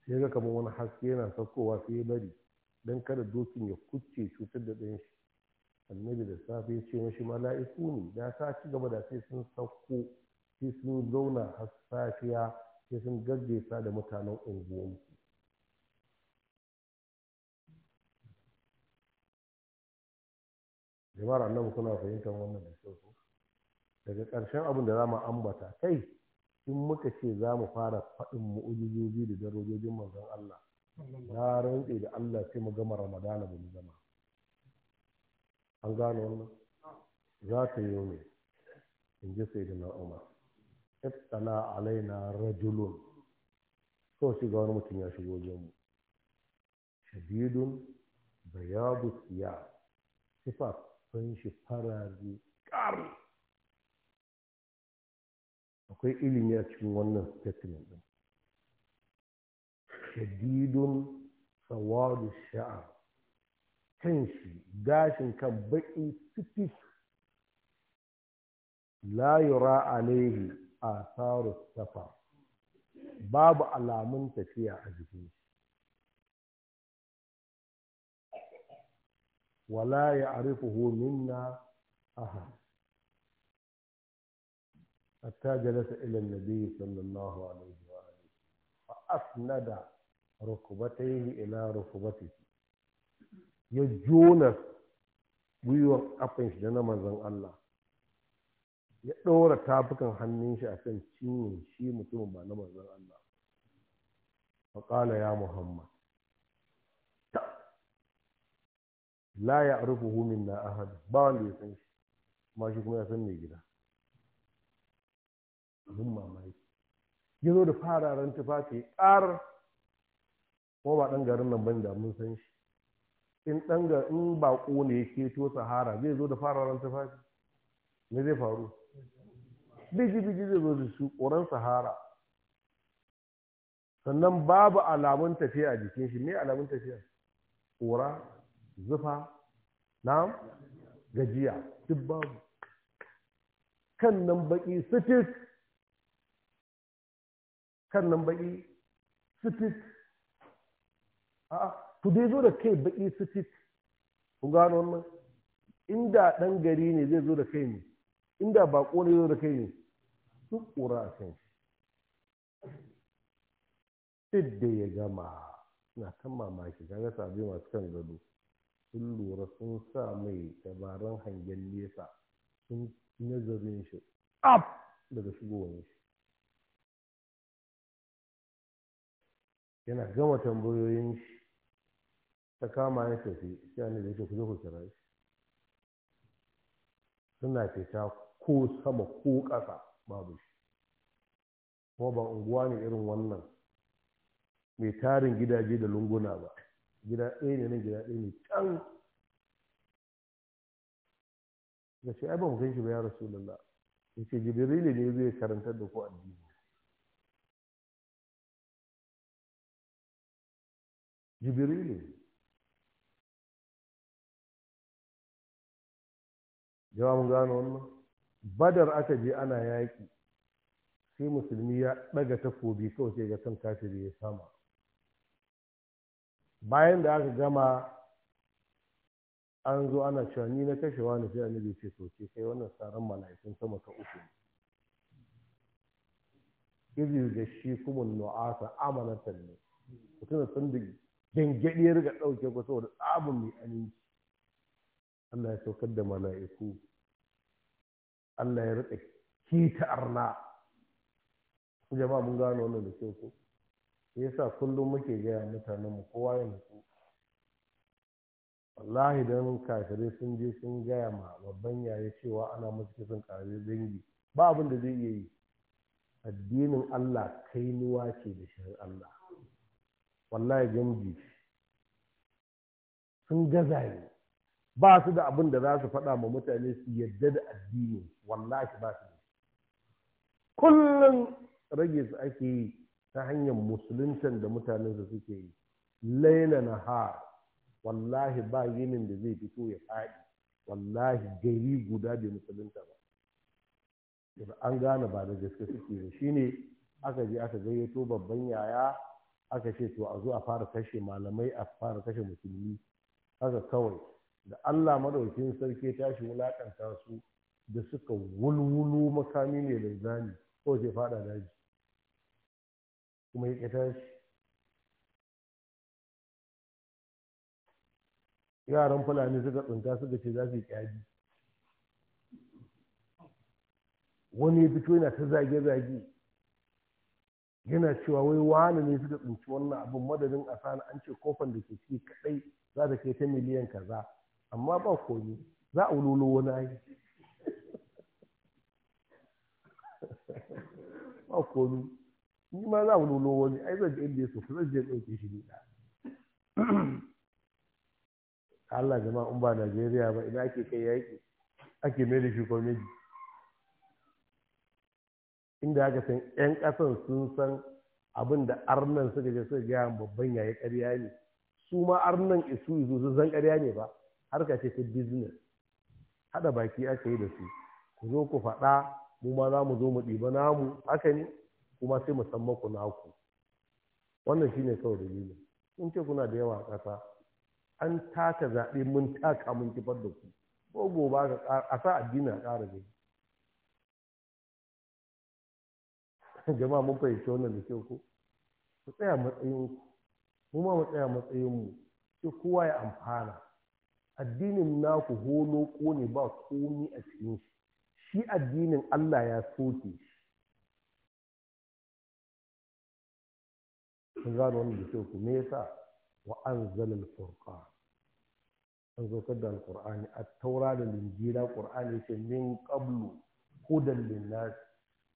sai ga kamar wani haske yana saukowa sai ya bari don kada dokin ya kucce cutar da ɗayan shi annabi da safe ya ce mashi mala'iku ne da ta ci gaba da sai sun sauko sai sun zauna har safiya sai sun gaggesa da mutanen unguwanku jama'ar annabi kuna fahimtar wannan da kyau daga ƙarshen abin da za mu ambata kai in muka ce za mu fara faɗin mu'ujizoji da darajojin manzon Allah na rantse da Allah sai mu gama Ramadana ba mu gama an gane wannan za ta yi ne in ji sai da Umar ittala alaina rajulun so shi ga wani mutum ya shigo wajenmu shadidun bayadu siya sifa sun shi farare ƙari akwai ilimi a cikin wannan statement ɗin shadidun sawadu sha'a kan shi gashin kan baƙi sitif la yura alaihi asaru safa babu alamun tafiya a jikin shi wala ya arifuhu minna aha hatta jalasa ila nabi sallallahu alaihi wa alihi fa asnada rukubatayhi ila rukubatihi ya juna gwiwar kafin shi da na manzon Allah ya ɗora tafukan hannun shi a kan cinyin shi mutumin ba na manzon Allah fa ya muhammad la ya rufu minna ahad ba wanda ya san shi kuma shi kuma ya san mai gida abin mamaki ya zo da fararen tufafi ƙar ko ba ɗan garin nan bane da mun san shi in ɗan ga in ba ne ya keto sahara zai zo da fararen tufafi me zai faru biji biji zai zo da su ƙoran sahara sannan babu alamun tafiya a jikin shi me alamun tafiya ƙora zufa na gajiya duk babu kan nan baƙi sitik kan nan baƙi sitit a'a ku dai zo da kai baƙi sitit ku gano wannan inda ɗan gari ne zai zo da kai ne inda baƙo ne zo da kai ne duk ƙura a kan shi duk da ya gama na kan mamaki kaga sabi masu kan gado sun lura sun sa mai dabaran hangen nesa sun nazarin shi ab daga shigowar shi yana gama tambayoyin shi ta kama ya tafi sai annabi ya tafi ku ku kira shi suna fita ko sama ko ƙasa babu shi kuma ba unguwa ne irin wannan mai tarin gidaje da lunguna ba gida ɗaya ne nan gida ɗaya ne can da shi ai ba mu kai shi ba ya rasu ya ce jibrilu ne zai karantar da ku addini jibrilu jawa mun gano wannan badar aka je ana yaki. sai musulmi ya ɗaga takobi kawai sai ga kan kafiri ya sama bayan da aka gama an zo ana cewa ni na kashe wani sai nabi ce to kai wannan tsaron mala'ikun sama ka uku Izu ga shi kuma nu'asa amanatan ne mutum da gyangyaɗi ya riga ɗauke ku saboda tsabin mai aminci Allah ya saukar da mala'iku Allah ya riƙa kita arna ku jama'a mun gano wannan da kyau ko yasa kullum muke gaya mutanen mu kowa ya nufi wallahi don kafirai sun je sun gaya ma babban yare cewa ana musu kisan kare dangi ba abin da zai iya yi addinin Allah kainuwa ce da shirin Allah wallahi gamji sun gaza ne ba su da abin da za su faɗa ma mutane su yadda da addini wallahi ba su yi kullum rage su ake yi ta hanyar musuluncin da mutanen su suke yi laila na ha wallahi ba yinin da zai fito ya faɗi wallahi gari guda bai musulunta ba da an gane ba da gaske suke ba ne aka je aka gayyato babban yaya aka ce to a zo a fara kashe malamai a fara kashe musulmi haka kawai da Allah madaukin sarki ya tashi wulakanta su da suka wulwulu makami ne mai zani ko sai fada daji kuma ya tashi yaran fulani suka tsinta suka ce za su yi ƙyaji wani ya fito yana ta zage-zage yana cewa wai wani ne suka tsinci wannan abin madadin a sana an ce kofan da ke ciki kadai za ta kai ta miliyan kaza amma ba komi za a wulolo wani ayi ba komi ni ma za a wulolo wani ai zan je inda ya sofi zan je ɗauke shi ne Allah jama'a in ba Najeriya ba ina ake kai yaƙi ake mai da shi komedi inda aka san 'yan ƙasan sun san abin da arnan suka je suka gaya babban yayi ƙarya ne su ma arnan isu isu sun san ƙarya ne ba harka ce ta business haɗa baki aka yi da su ku zo ku faɗa mu ma za mu zo mu ɗiba namu haka ne kuma sai mu san maku naku wannan shine kawai ne. in ce kuna da yawa a ƙasa an taka zaɓe mun taka mun kifar da ku ko gobe a sa addini a ƙara gani jama'a mun fahimci wannan da kyau ko ku tsaya matsayin ku mu ma mu tsaya matsayin mu sai kowa ya amfana addinin naku holo ko ne ba komi a cikin shi shi addinin Allah ya soke shi kun gano wannan da kyau ku me yasa wa al furqan an zo da qurani at-taura da injila qur'ani ce min qablu hudan lin-nas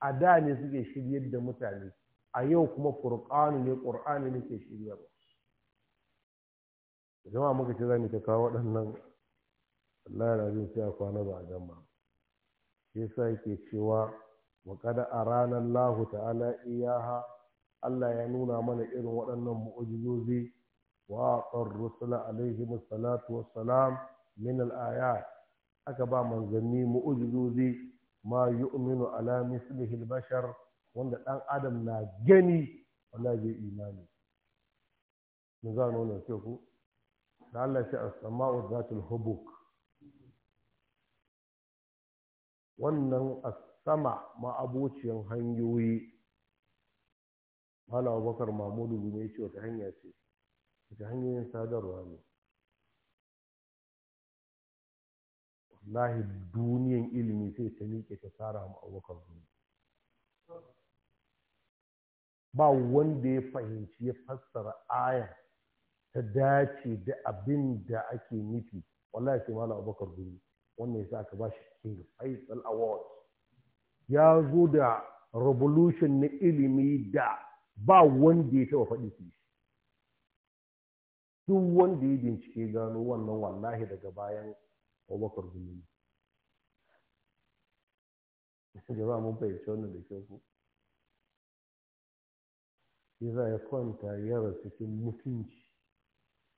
a da ne suke shiryar da mutane a yau kuma furqani ne qur'ani ne ke shiryarwa jama'a muka ce za mu ta kawo waɗannan Allah ya zai sai a kwana ba a gama shi yasa yake cewa wa a ranar lahu ta'ala iyaha Allah ya nuna mana irin waɗannan mu'ujizozi wa aqar rusula alaihi salatu wassalam min al aka ba manzanni mu'ujizozi ma yu'minu ala mislihi al-bashar wanda dan adam na gani wallahi zai imani mu za mu wannan ce ku da Allah ce as-sama'u zatul hubuk wannan as-sama ma abuciyan hanyoyi Malam Abubakar Mahmudu ne ya ce wata hanya ce ta hanyoyin sadarwa ne wallahi duniyan ilimi sai ta miƙe ta tsara mu abubakar duniya. ba wanda ya fahimci ya fassara aya ta dace da abin da ake nufi wallahi sai malam abubakar duniya. wannan ya sa aka ba shi king faisal award ya zo da revolution na ilimi da ba wanda ya taɓa faɗi shi duk wanda ya bincike gano wannan wallahi daga bayan abubakar gumi jama'a mun fahimci wannan da kyau ku shi za ya kwanta ya rasu cikin mutunci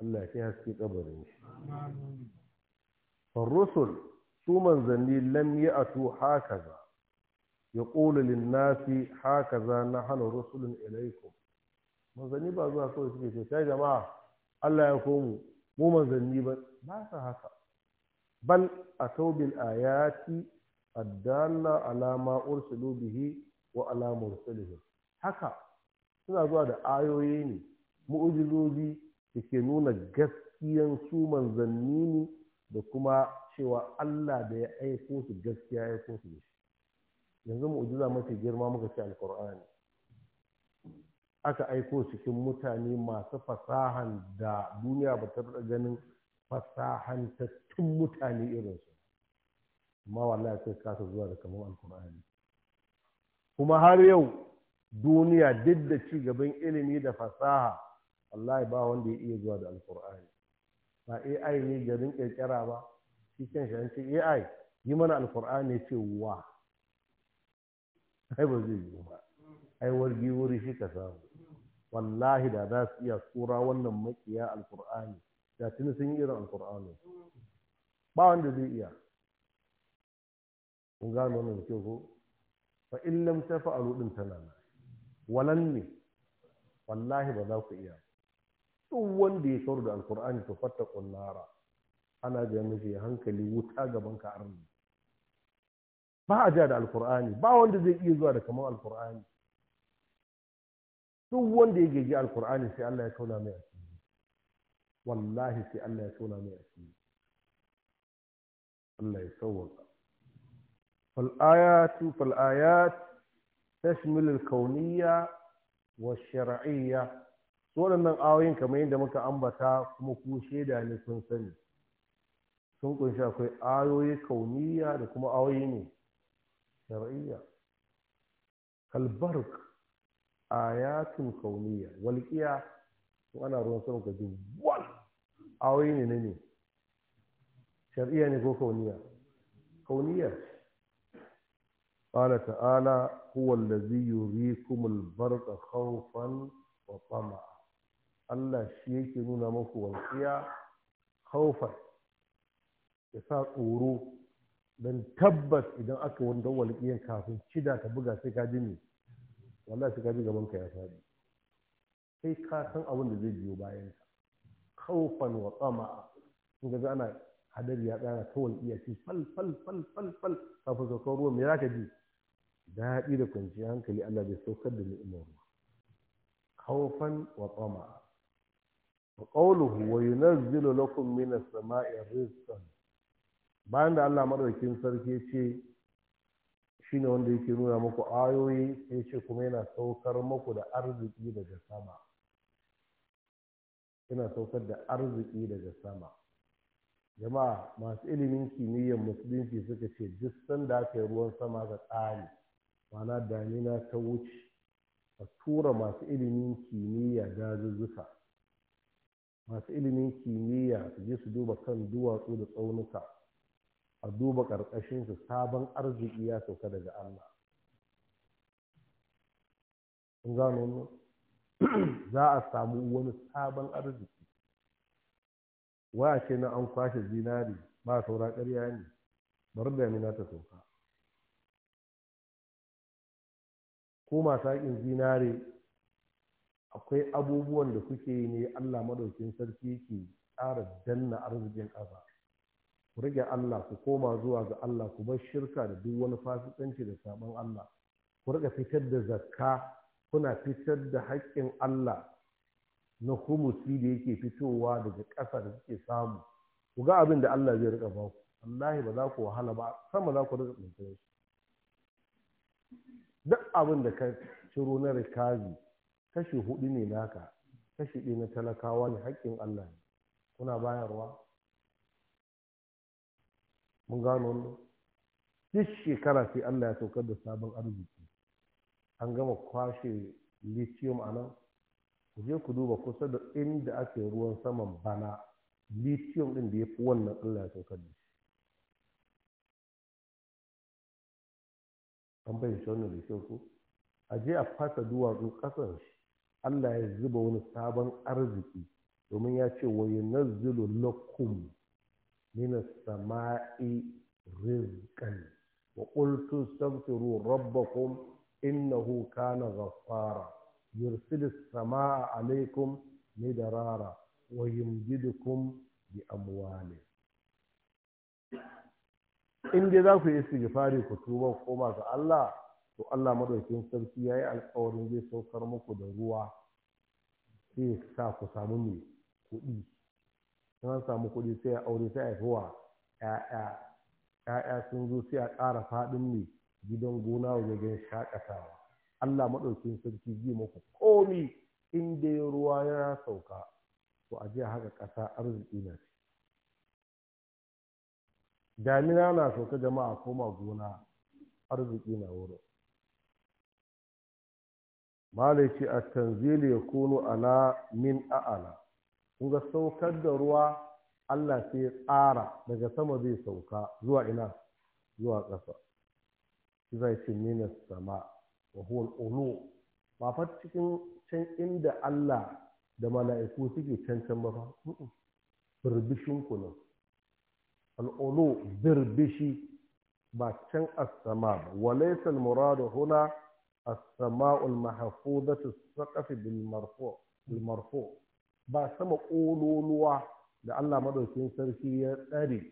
Allah ya haske kabarin shi farrusul su manzanni lam yi haka za ya ƙulu haka za na hana rusulun ilaikum manzanni ba zuwa kawai suke ce sai jama'a Allah ya komu mu manzanni ba ba su haka bal a saubin ayati addalla alama ursulu bihi wa ala mursalihim haka suna zuwa da ayoyi ne mu'ujizoji da ke nuna gaskiyan su manzanni ne da kuma cewa Allah da ya aiko su gaskiya ya aiko su shi yanzu mu'ujiza mafi girma muka ce alkur'ani aka aiko cikin mutane masu fasahan da duniya ba ta ganin fasahantattun mutane irinsu amma wallahi sai kasa zuwa da kamar alkur'ani kuma har yau duniya duk da ci gaban ilimi da fasaha wallahi ba wanda ya iya zuwa da alkur'ani ba ai ne garin kirkira ba shi kan shi ce ai yi mana alkur'ani ce wa ai ba zai yi ba ai wargi wuri shi ka samu wallahi da za su iya tsura wannan makiya alkur'ani da tuni sun yi irin alkur'ani ba wanda zai iya kun gano wannan ke ko fa in lam tafa'alu din tana na. walan ne wallahi ba za ku iya duk wanda ya saurari da alkur'ani to fatta kunnara ana ga mishi hankali wuta gaban ka arni ba a ja da alkur'ani ba wanda zai iya zuwa da kamar alkur'ani duk wanda ya gaji alkur'ani sai Allah ya kauna mai wallahi sai Allah ya tona mai asiri Allah ya sauwaka fal ayatu fal ayat tashmil al kauniyya wa shar'iyya waɗannan ayoyin kamar yadda muka ambata kuma ku shaida ne sun sani sun kunshi akwai ayoyi kauniyya da kuma ayoyi ne shar'iyya kalbark ayatun kauniyya walƙiya to ana ruwan sama ka ji wal ne ne ne shari'a ne ko kauniya kauniya ta'ala تعالى هو الذي يريكم khawfan wa tama Allah shi yake nuna muku wanciya haufar ya sa tsoro don tabbas idan aka wanda walƙiyan kafin cida ta buga sai ka ji ne wallahi sai ka ji gaban ka ya faɗi sai ka san abin da zai biyo bayan ka kaufan wa tsama'a in ga ana hadari ya tsara ta iya shi fal fal fal kafin saukar ruwa me za ka ji daɗi da kwanciyar hankali Allah bai saukar da ni'imar ruwa kaufan wa tsama'a wa qawluhu wa yunazzilu lakum minas sama'i rizqan bayan da Allah madaukakin sarki ya ce shine wanda yake nuna muku ayoyi sai ce kuma yana saukar muku da arziki daga sama yana saukar da arziki daga sama jama'a masu ilimin kimiyyar musulunci suka ce duk sanda aka yi ruwan sama ga tsari mana damina ta wuce a tura masu ilimin kimiyya dazuzzuka masu ilimin kimiyya su je su duba kan duwatsu da tsaunuka a duba ƙarƙashinsu sabon arziki ya sauka daga allah gano za a samu wani sabon arziki waya ce na an kwashe zinari ba saura ƙarya ne bari na ta sauka ko masu haƙin zinari, akwai abubuwan da kuke yi ne allah maɗaukin sarki ke ƙara danna arzikin ƙasa ku rage allah ku koma zuwa ga allah ku bar shirka da duk wani fasikanci da sabon allah ku riƙa fitar da zakka kuna fitar da haƙƙin Allah na humusi da yake fitowa daga ƙasa da suke samu ku ga abin da Allah zai rika ku. wallahi ba za ku wahala ba sama za ku rika tsintar shi duk abin da ka ciro na rikazi kashi hudu ne naka kashi ɗaya na talakawa ne haƙƙin Allah ne kuna bayarwa mun gano wannan duk shekara sai Allah ya saukar da sabon arziki an gama kwashe lithium a nan ku je ku duba kusa da inda ake ruwan saman bana lithium ɗin da ya fi wannan allah ya saukar da shi an bai shi wannan lithium ku a je a fasa duwatsu ƙasan allah ya zuba wani sabon arziki domin ya ce wa yunazzilu lakum minas sama'i rizqan wa qultu astaghfiru rabbakum innahu kana ghaffara yursilu samaa alaikum midarara wa yumdidukum bi amwali in dai za ku yi istighfari ku tuba ku koma ga Allah to Allah madaukin sarki yayi alƙawarin zai saukar muku da ruwa sai sa ku samu ne kuɗi in an samu kuɗi sai a aure ta a haihuwa ‘ya'ya sun zo sai a ƙara faɗin ne gidan gona wajen shaƙatawa, Allah maɗaukin sarki ji maku komi inda ya ruwa ya sauka to a jiya haka ƙasa arziki na ce damina na sauka jama'a koma gona arziki na wurin malai ce a tanzili ya kono ala min a'ala kun ga saukar da ruwa Allah sai ya tsara daga sama zai sauka zuwa ina zuwa ƙasa zai ce sama wa huwa ulu ba fa cikin can inda Allah da mala'iku suke can can ba fa birbishin ku al ulu birbishi ba can as-sama ba wa laysa al-muradu huna as-sama'u al mahfudatu as-saqaf bil marfu' bil marfu' ba sama ƙololuwa da Allah madaukin sarki ya tsare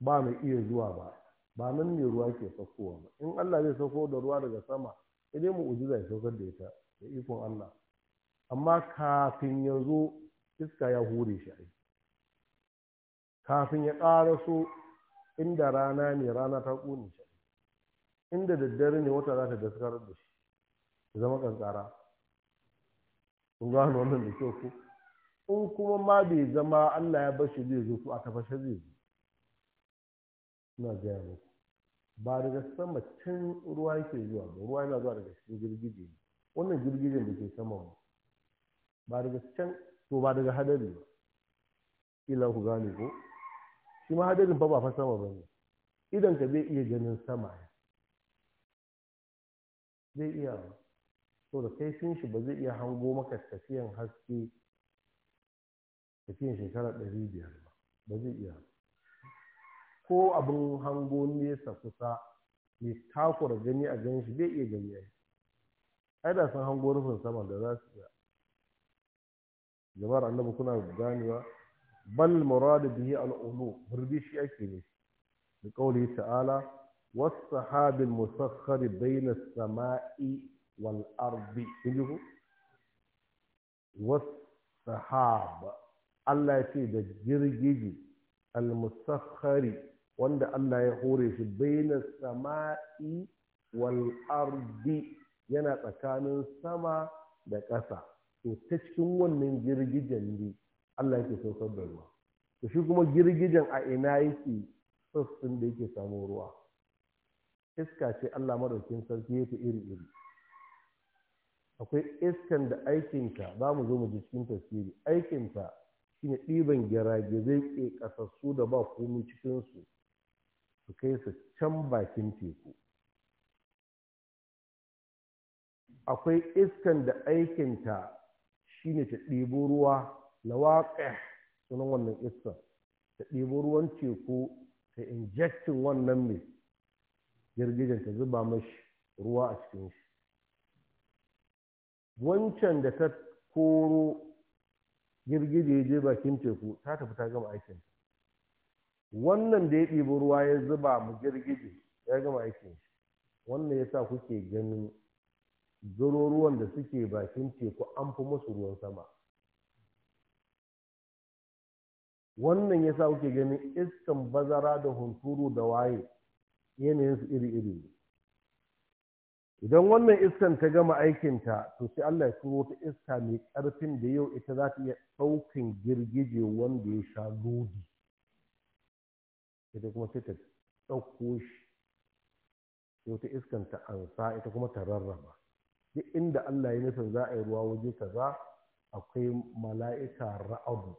ba mai iya zuwa ba ba nan ne ruwa ke saukowa ba in Allah zai sauko da ruwa daga sama sai dai mu'ujiza ya saukar da ita da ikon Allah amma kafin ya zo iska ya hure shi ai kafin ya so inda rana ne rana ta ƙone shi inda daddare ne wata za ta daskar da shi ya zama kankara kun gano wannan da kyau ko in kuma ma bai zama Allah ya bar shi zai zo ko a tafashe zai zo ina gaya muku ba daga sama can ruwa yake zuwa ba ruwa yana zuwa daga cikin girgije ne wannan girgijen da ke sama ba ba daga can to ba daga hadari ba ila ku gane ko shi ma hadarin fa ba fa sama ba ne idan ka bai iya ganin sama zai iya ba to da kaifin shi ba zai iya hango maka tafiyan haske tafiyan shekara ɗari biyar ba ba zai iya ba ko abin hango nesa kusa mai takura gani a ganin shi bai iya gani ai ai da sun hango rufin sama da za su iya jama'ar annabi kuna ganewa bal muradu bihi al'ulu burbi shi ake ne da kauli ta'ala wasu sahabil musakhkhari bai na samai wal ardi kinji was Allah ya ce da girgiji al-musakhkhari wanda Allah ya hore shi baina sama'i wal ardi yana tsakanin sama da ƙasa to ta cikin wannan girgijen ne Allah yake saukar da ruwa to shi kuma girgijen a ina yake sassin da yake samu ruwa iska ce Allah madaukin sarki yake iri iri akwai iskan da aikinta za mu zo mu ji cikin tasiri aikinta shine ɗiban gyara ke ƙasassu da ba komi cikinsu su kai su can bakin teku akwai iskan da aikinta shine ta ɗibo ruwa na waƙa sunan wannan iskan ta ɗibo ruwan teku ta injectin wannan mai girgijen ta zuba mashi ruwa a cikin shi wancan da ta koro girgije je bakin teku ta tafi ta gama aikinta wannan da ya ɗibi ruwa ya zuba mu girgije ya gama aikin shi wannan ya sa kuke ganin garuruwan da suke bakin teku an fi musu ruwan sama wannan ya sa kuke ganin iskan bazara da hunturu da waye yanayinsu iri-iri ne idan wannan iskan ta gama aikinta to sai Allah ya turo ta iska mai ƙarfin da yau ita za ta iya ɗaukan girgije wanda ya sha lodi ita kuma sai ta ɗauko shi sai ta iskanta ta ansa ita kuma ta rarraba duk inda Allah ya nufin za a yi ruwa waje kaza akwai mala'ika ra'adu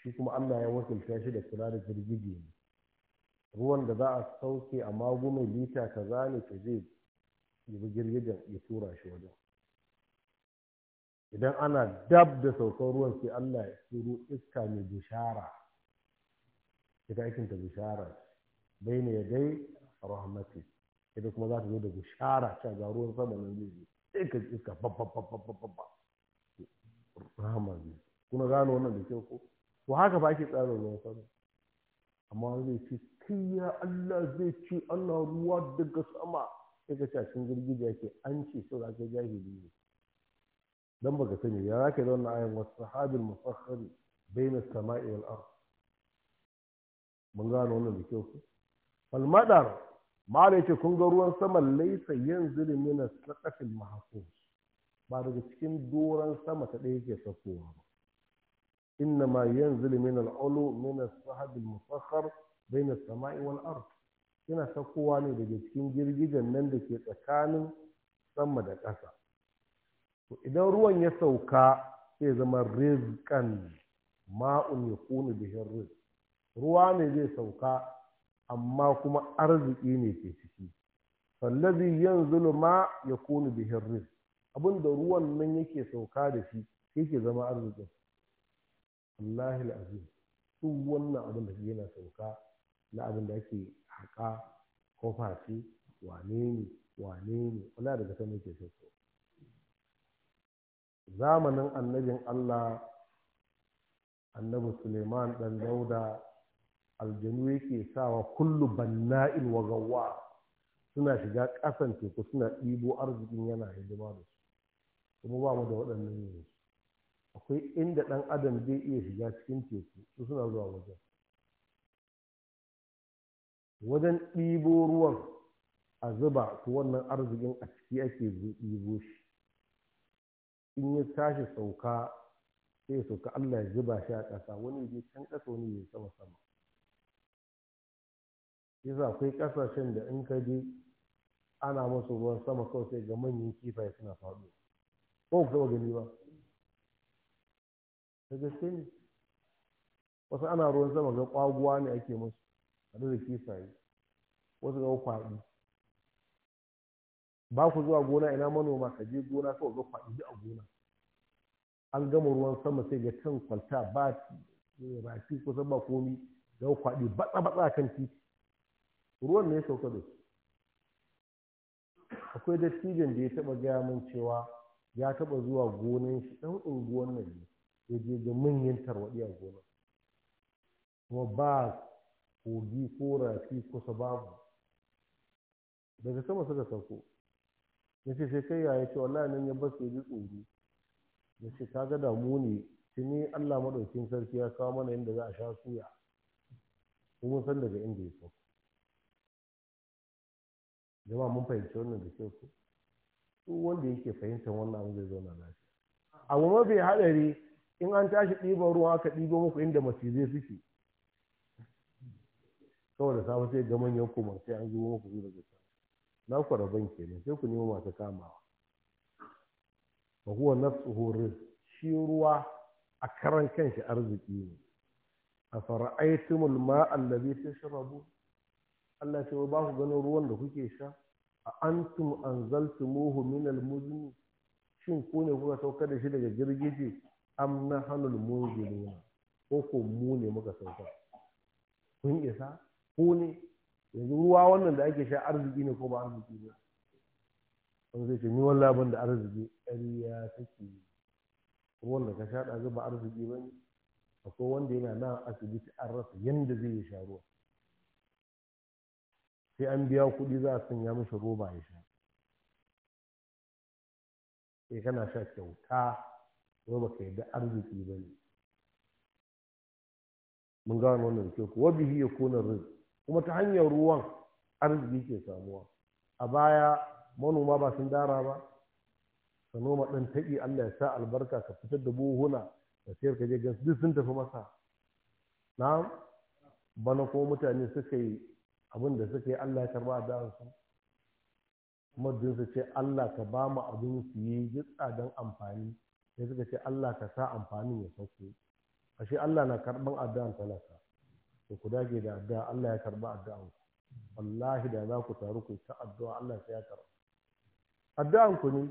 shi kuma Allah ya wakilta shi da kula da girgije ne ruwan da za a sauke a magunan lita kaza ne ta zai yi girgijen ya tura shi wajen idan ana dab da saukar ruwan sai Allah ya turo iska mai bishara ita aikin ta bishara bai ne dai rahmati ita kuma za ta zo da bishara ta ga ruwan sama nan zai zo sai ka iska babba babba babba rahama zai kuna gano wannan da kyau ko to haka ba ake tsara ruwan sama amma wani zai ce ya Allah zai ce Allah ruwa daga sama sai ka a cikin girgiza ke an ce sau da ka jahili ne dan baka sani ya zaka da wannan ayan wasu sahabil musakhkhari bayna samai wal ard mun gano wannan da kyau falmadar mala yace kun ga ruwan saman laisa yanzu da na saqafil mahfuz ba daga cikin doran sama ta ɗaya ke sakowa ba inna ma yanzu da mina al'ulu mina sahabil musakhar baina samai wal ard yana sakowa ne daga cikin girgijen nan da ke tsakanin sama da ƙasa idan ruwan ya sauka sai zama rizqan ma'un yakunu bihi rizq ruwa ne zai sauka amma kuma arziki ne ke ciki fallazi zulma ya kone da rizq abinda ruwan nan yake sauka da shi yake zama arzikin wallahi azim duk wannan abin da yana sauka na abin da ake haƙa ko face wane ne wane ne wala daga sama yake sauka zamanin annabin Allah annabi Suleiman dan Dauda aljanu yake sawa kullu banna'in wa gawwa suna shiga ƙasan teku suna ɗibo arzikin yana hidima da su kuma ba mu da waɗannan yanzu akwai inda ɗan adam zai iya shiga cikin teku su suna zuwa wajen wajen ɗibo ruwan a zuba su wannan arzikin a ciki ake ɗibo shi in ya tashi sauka sai ya sauka Allah ya zuba shi a ƙasa wani ya je can ƙasa wani ya sama sama yasa akwai kasashen da in ka je ana musu ruwan sama kawai sai ga manyan kifaye suna faɗo ko ku taɓa gani ba da gaske ne wasu ana ruwan sama ga ƙwaguwa ne ake musu a da kifaye wasu ga kwaɗi ba ku zuwa gona ina manoma ka je gona kawai ga kwaɗi a gona an gama ruwan sama sai ga can kwalta ba rafi kusan ba komi ga kwaɗi batsa-batsa kan titi ruwan ne ya sauka da su akwai dattijan da ya taba gaya min cewa ya taba zuwa gonan shi ɗan unguwan nan ne ya je ga manyan tarwaɗi a gonan kuma ba kogi ko rafi kusa babu daga sama suka sauko ya ce sai kai ya ce wallahi nan ya basu ya ji tsoro ya ce kaga damu ne tuni Allah maɗaukin sarki ya kawo mana yadda za a sha suya kuma san daga inda ya sauko jama'a mun fahimci wannan da ke ku duk wanda yake fahimtar wannan abin zai zauna lafiya abu mafi haɗari in an tashi ɗiban ruwa aka ɗibo muku inda macizai suke saboda safe sai ga manyan kuma sai an zubo muku zuwa gasa na ku rabon kenan sai ku nemo masu kamawa bahuwa huwa tsohorin shi ruwa a karan kanshi arziki ne a fara'aitumul ma'an da bai tashrabu Allah ce ba ku ganin ruwan da kuke sha a antum anzaltumuhu min almuzni shin ku ne kuka saukar da shi daga girgije am nahanul munziluna ko ko mu ne muka saukar kun isa ku ne yanzu ruwa wannan da ake sha arziki ne ko ba arziki ne wani zai ce ni wallah ban da arziki ƙarya take ruwan da ka sha da ba arziki ba ne akwai wanda yana nan asibiti an rasa yadda zai sha ruwa sai an biya kuɗi za a sanya masa roba ya sha sai eh, kana sha kyauta roba ka yadda arziki ba ne mun gano wannan kyau kuwa bihi ya kuna rin kuma ta hanyar ruwan arziki ke samuwa a baya manoma ba sun dara ba ka noma ɗan taƙi Allah ya sa albarka ka fitar da buhuna da sayar ka je gansu duk sun tafi masa na bana ko mutane suka yi abin da suka yi Allah ya karba a su kuma su ce Allah ka ba mu abin su yi jitsa don amfani sai suka ce Allah ka sa amfanin ya sauko ashe Allah na karban addu'an talaka to ku dage da addu'a Allah ya karba addu'an ku wallahi da za ku taru ku ta addu'a Allah sai ya karba addu'an ku ne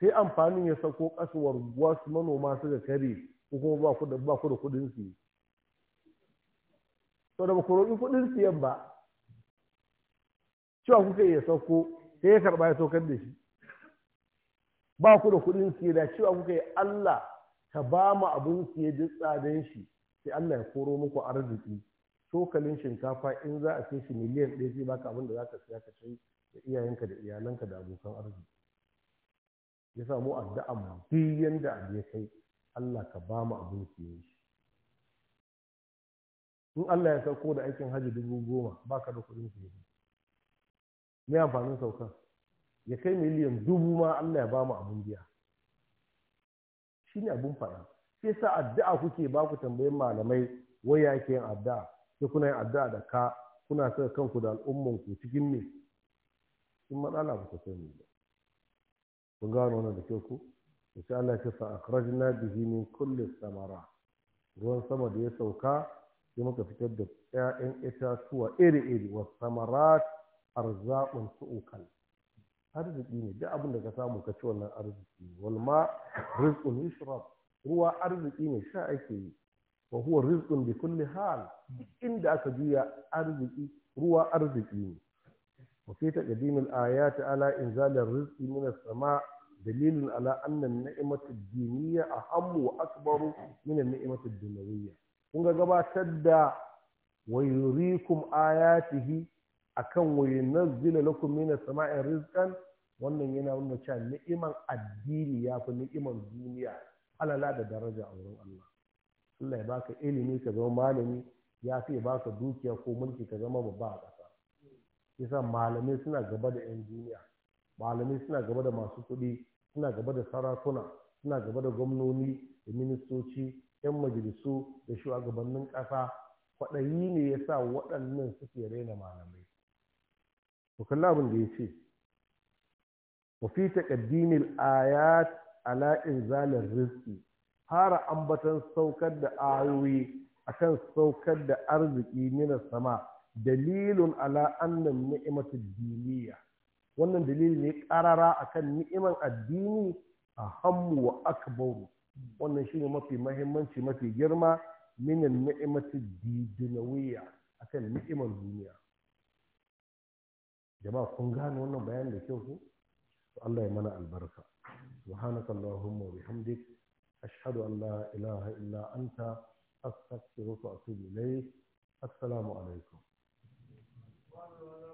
sai amfanin ya sauko kasuwar wasu manoma suka kare ko kuma ba ku da kuɗin su yi. kudin su to da ba ku roƙi kudin siyan ba cewa kuka iya sauko sai ya karɓa ya saukar da shi ba ku da kuɗin siye da cewa kuka yi Allah ka ba mu abin siye duk tsadan shi sai Allah ya koro muku arziki cokalin shinkafa in za a kai shi miliyan ɗaya sai baka abin da za ka siya ka kai da iyayenka da iyalanka da abokan arziki ya samu addu'a mu duk yanda abu ya kai Allah ka ba mu abin siye shi in Allah ya sauko da aikin hajji dubu goma baka da kuɗin siye mai amfanin saukan ya kai miliyan dubu ma Allah ya bamu abun biya shine abin faɗa sai sa addu'a kuke ba ku tambayin malamai waya ke yin addu'a sai kuna yin addu'a da ka kuna saka kanku da al'umman ku cikin me in matsala ba ku sani ba kun gano wannan da kyau ku insha Allah ya sa akhrajna bihi min kulli samara ruwan sama da ya sauka sai muka fitar da ƴaƴan itatuwa iri-iri wa samarat arzaƙun su'ukan arziki ne duk abin da ka samu ka ci wannan arziki ne wal ma rizqun yushrab ruwa arziki ne sha ake yi wa huwa rizqun bi kulli hal inda aka juya arziki ruwa arziki ne wa fi taqdim al ayat ala inzal rizqi min as sama dalilin ala anna an ni'matu ad wa akbaru min an ni'matu ad kun ga gabatar da wa ayatihi akan wa zina lakum minas sama'i rizqan wannan yana nuna cewa ni'iman addini ya fi ni'iman duniya alala da daraja a wurin Allah Allah ya baka ilimi ka zama malami ya fi baka dukiya ko mulki ka zama babba a ƙasa yasa malamai suna gaba da 'yan duniya malamai suna gaba da masu kuɗi suna gaba da sarakuna suna gaba da gwamnoni da ministoci 'yan majalisu da shugabannin ƙasa kwaɗayi ne yasa waɗannan suke raina malamai ku abin da ya ce wa fi taqaddimil ayat ala inzalir rizqi fara ambatan saukar da ayoyi akan saukar da arziki mina sama dalilun ala annan ni'matu diniya wannan dalili ne karara akan ni'iman addini a hammu wa akbaru wannan shine mafi mahimmanci mafi girma minan ni'matu dunawiyya akan ni'iman duniya jama'a kun gane wannan bayan da kyau ko Allah ya mana albarka subhanaka allahumma bihamdik ashhadu an la ilaha illa anta astaghfiruka wa atubu ilayk assalamu alaikum